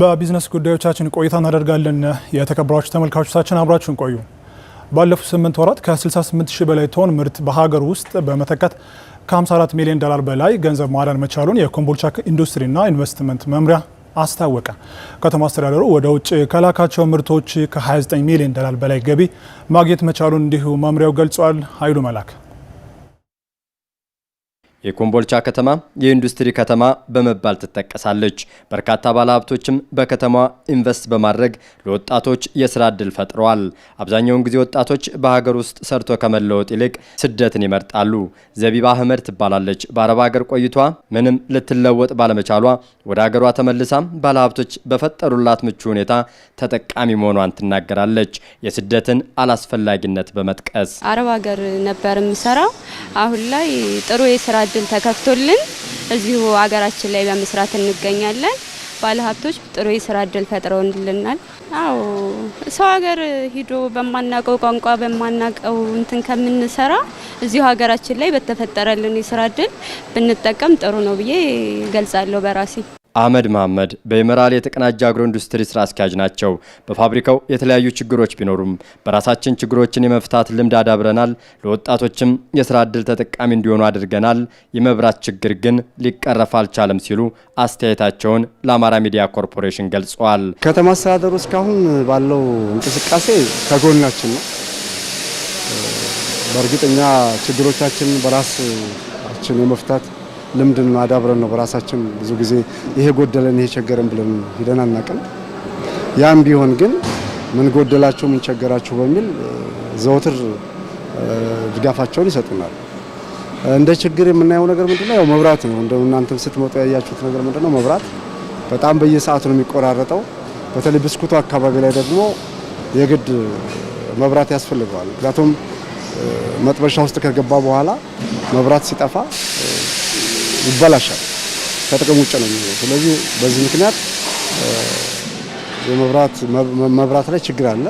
በቢዝነስ ጉዳዮቻችን ቆይታ እናደርጋለን። የተከበራችሁ ተመልካቾቻችን አብራችሁን ቆዩ። ባለፉት ስምንት ወራት ከ68 ሺህ በላይ ቶን ምርት በሀገር ውስጥ በመተካት ከ54 ሚሊዮን ዶላር በላይ ገንዘብ ማዳን መቻሉን የኮምቦልቻ ኢንዱስትሪና ኢንቨስትመንት መምሪያ አስታወቀ። ከተማ አስተዳደሩ ወደ ውጭ ከላካቸው ምርቶች ከ29 ሚሊዮን ዶላር በላይ ገቢ ማግኘት መቻሉን እንዲሁ መምሪያው ገልጿል። ኃይሉ መላክ የኮምቦልቻ ከተማ የኢንዱስትሪ ከተማ በመባል ትጠቀሳለች። በርካታ ባለሀብቶችም በከተማዋ ኢንቨስት በማድረግ ለወጣቶች የስራ እድል ፈጥረዋል። አብዛኛውን ጊዜ ወጣቶች በሀገር ውስጥ ሰርቶ ከመለወጥ ይልቅ ስደትን ይመርጣሉ። ዘቢባ አህመድ ትባላለች። በአረብ ሀገር ቆይቷ ምንም ልትለወጥ ባለመቻሏ ወደ ሀገሯ ተመልሳም ባለሀብቶች በፈጠሩላት ምቹ ሁኔታ ተጠቃሚ መሆኗን ትናገራለች። የስደትን አላስፈላጊነት በመጥቀስ አረብ ሀገር ነበር የምሰራው። አሁን ላይ ጥሩ የስራ እድል ተከፍቶልን እዚሁ ሀገራችን ላይ በመስራት እንገኛለን። ባለሀብቶች ጥሩ የስራ እድል ፈጥረውልናል። አዎ ሰው ሀገር ሂዶ በማናቀው ቋንቋ በማናቀው እንትን ከምንሰራ እዚሁ ሀገራችን ላይ በተፈጠረልን የስራ እድል ብንጠቀም ጥሩ ነው ብዬ ገልጻለሁ በራሴ አህመድ መሐመድ በኢመራል የተቀናጀ አግሮ ኢንዱስትሪ ስራ አስኪያጅ ናቸው። በፋብሪካው የተለያዩ ችግሮች ቢኖሩም በራሳችን ችግሮችን የመፍታት ልምድ አዳብረናል። ለወጣቶችም የስራ እድል ተጠቃሚ እንዲሆኑ አድርገናል። የመብራት ችግር ግን ሊቀረፍ አልቻለም ሲሉ አስተያየታቸውን ለአማራ ሚዲያ ኮርፖሬሽን ገልጸዋል። ከተማ አስተዳደሩ እስካሁን ባለው እንቅስቃሴ ከጎናችን ነው። በእርግጠኛ ችግሮቻችን በራሳችን የመፍታት ልምድን አዳብረን ነው። በራሳችን ብዙ ጊዜ ይሄ ጎደለን ይሄ ቸገረን ብለን ሂደን አናቅም። ያም ቢሆን ግን ምን ጎደላችሁ ምን ቸገራችሁ በሚል ዘወትር ድጋፋቸውን ይሰጡናል። እንደ ችግር የምናየው ነገር ምንድነው? ያው መብራት ነው። እንደ እናንተም ስትመጡ ያያችሁት ነገር ምንድነው? መብራት በጣም በየሰዓቱ ነው የሚቆራረጠው። በተለይ ብስኩቱ አካባቢ ላይ ደግሞ የግድ መብራት ያስፈልገዋል። ምክንያቱም መጥበሻ ውስጥ ከገባ በኋላ መብራት ሲጠፋ ይበላሻል፣ ከጥቅም ውጭ ነው የሚሆነው። ስለዚህ በዚህ ምክንያት የመብራት መብራት ላይ ችግር አለ።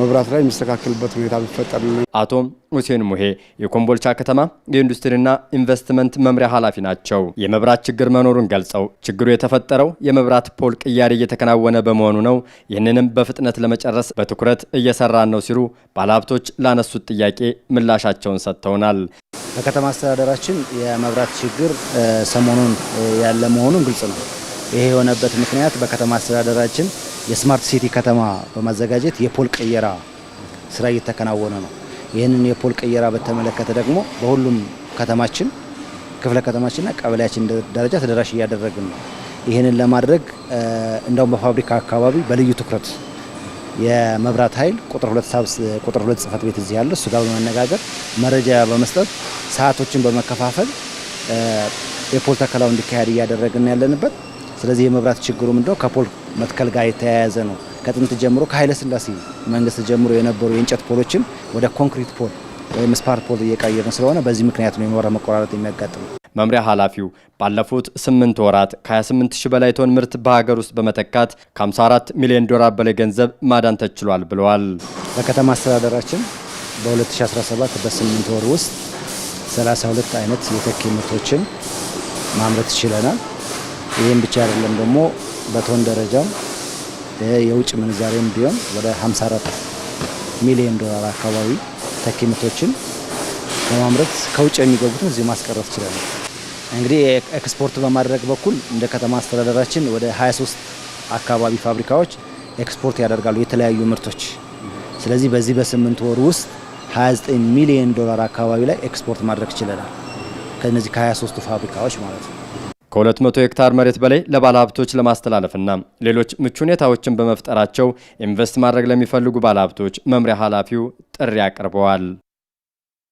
መብራት ላይ የሚስተካከልበት ሁኔታ ቢፈጠር። አቶ ሁሴን ሙሄ የኮምቦልቻ ከተማ የኢንዱስትሪና ኢንቨስትመንት መምሪያ ኃላፊ ናቸው። የመብራት ችግር መኖሩን ገልጸው ችግሩ የተፈጠረው የመብራት ፖል ቅያሬ እየተከናወነ በመሆኑ ነው፣ ይህንንም በፍጥነት ለመጨረስ በትኩረት እየሰራን ነው ሲሉ ባለሀብቶች ላነሱት ጥያቄ ምላሻቸውን ሰጥተውናል። በከተማ አስተዳደራችን የመብራት ችግር ሰሞኑን ያለ መሆኑን ግልጽ ነው። ይሄ የሆነበት ምክንያት በከተማ አስተዳደራችን የስማርት ሲቲ ከተማ በማዘጋጀት የፖል ቀየራ ስራ እየተከናወነ ነው። ይህንን የፖል ቀየራ በተመለከተ ደግሞ በሁሉም ከተማችን ክፍለ ከተማችንና ቀበሌያችን ደረጃ ተደራሽ እያደረግን ነው። ይህንን ለማድረግ እንደውም በፋብሪካ አካባቢ በልዩ ትኩረት የመብራት ኃይል ቁጥር ሁለት ሳብስ ቁጥር ሁለት ጽህፈት ቤት እዚህ ያለ እሱ ጋር በመነጋገር መረጃ በመስጠት ሰዓቶችን በመከፋፈል የፖል ተከላው እንዲካሄድ እያደረግን ያለንበት። ስለዚህ የመብራት ችግሩ ምንድነው? ከፖል መትከል ጋር የተያያዘ ነው። ከጥንት ጀምሮ ከኃይለ ስላሴ መንግስት ጀምሮ የነበሩ የእንጨት ፖሎችን ወደ ኮንክሪት ፖል ወይም ስፓርት ፖል እየቀየርን ስለሆነ በዚህ ምክንያት ነው የመብራት መቆራረጥ የሚያጋጥመው። መምሪያ ኃላፊው ባለፉት ስምንት ወራት ከ28 ሺህ በላይ ቶን ምርት በሀገር ውስጥ በመተካት ከ54 ሚሊዮን ዶላር በላይ ገንዘብ ማዳን ተችሏል ብለዋል። በከተማ አስተዳደራችን በ2017 8 ወር ውስጥ 32 አይነት የተኪ ምርቶችን ማምረት ችለናል። ይህም ብቻ አይደለም ደግሞ በቶን ደረጃም የውጭ ምንዛሬም ቢሆን ወደ 54 ሚሊዮን ዶላር አካባቢ ተኪ ምርቶችን በማምረት ከውጭ የሚገቡትን እዚህ ማስቀረት ችለናል። እንግዲህ ኤክስፖርት በማድረግ በኩል እንደ ከተማ አስተዳደራችን ወደ 23 አካባቢ ፋብሪካዎች ኤክስፖርት ያደርጋሉ የተለያዩ ምርቶች። ስለዚህ በዚህ በስምንት ወር ውስጥ 29 ሚሊዮን ዶላር አካባቢ ላይ ኤክስፖርት ማድረግ ችለናል። ከነዚህ ከ23ቱ ፋብሪካዎች ማለት ነው። ከ200 ሄክታር መሬት በላይ ለባለሀብቶች ለማስተላለፍና ሌሎች ምቹ ሁኔታዎችን በመፍጠራቸው ኢንቨስት ማድረግ ለሚፈልጉ ባለሀብቶች መምሪያ ኃላፊው ጥሪ አቅርበዋል።